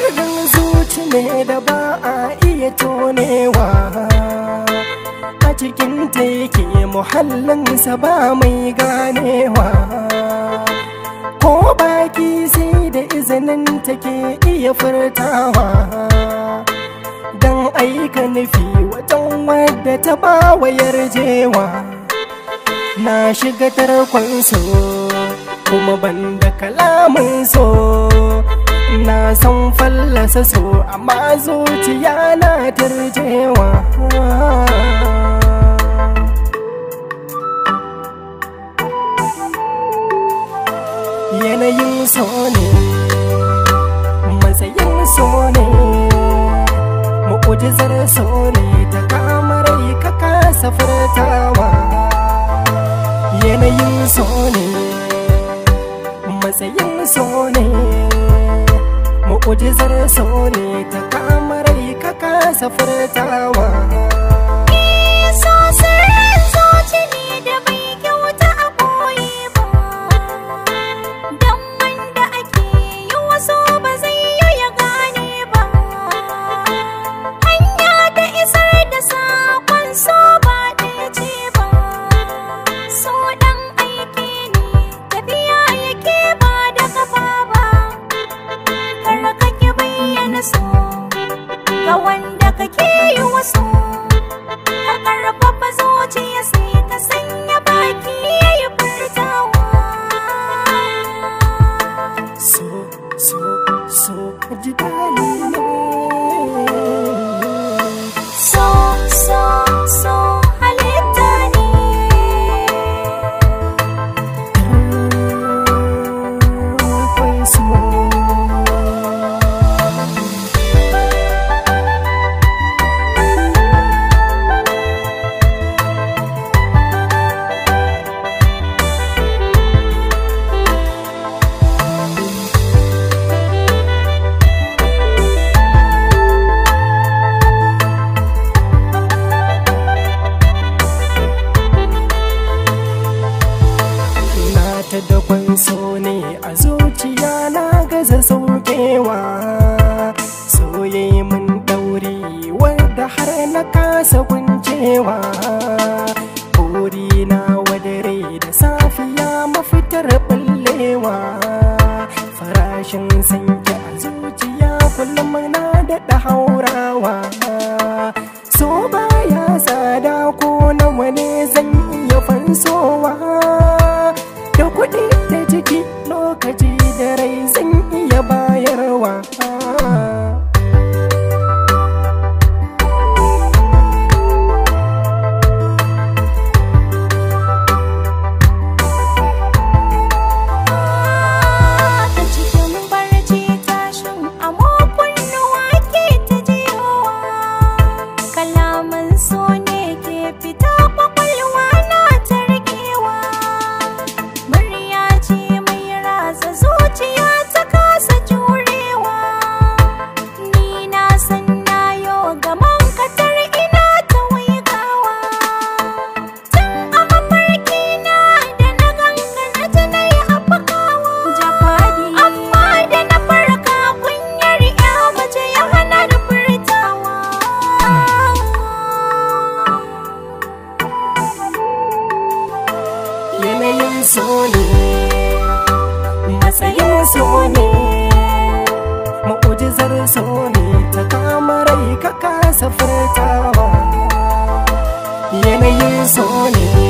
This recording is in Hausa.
irin zuci ne da ba a iya tonewa a cikin ta yake muhallinsa ba mai ganewa ko baki sai da izinin ta ke iya furtawa don aika nufi wajen wadda ta ba wayar jewa na shiga tarkon so kuma ban da kalamin so na san fallasa so amma zuciya na tarjewa yanayin so ne matsayin so ne mu'ujizar so ne ta kamar ka kasa furtawa yanayin so ne matsayin so ne kudizar sone ne ta yi ka kasa furtawa kun so ne a zuciya na gaza saukewa soye mun dauri wanda har na kasa kuncewa kori na wadare da safiya mafitar bullewa farashin sanke a zuciya kullum na daɗa haurawa so baya tsada ko nawa ne zan iya fansowa zan iya bayarwa su ne matsayin su ne ma'ujizar su ne ta kamarai ka kasa furtawa yanayin su ne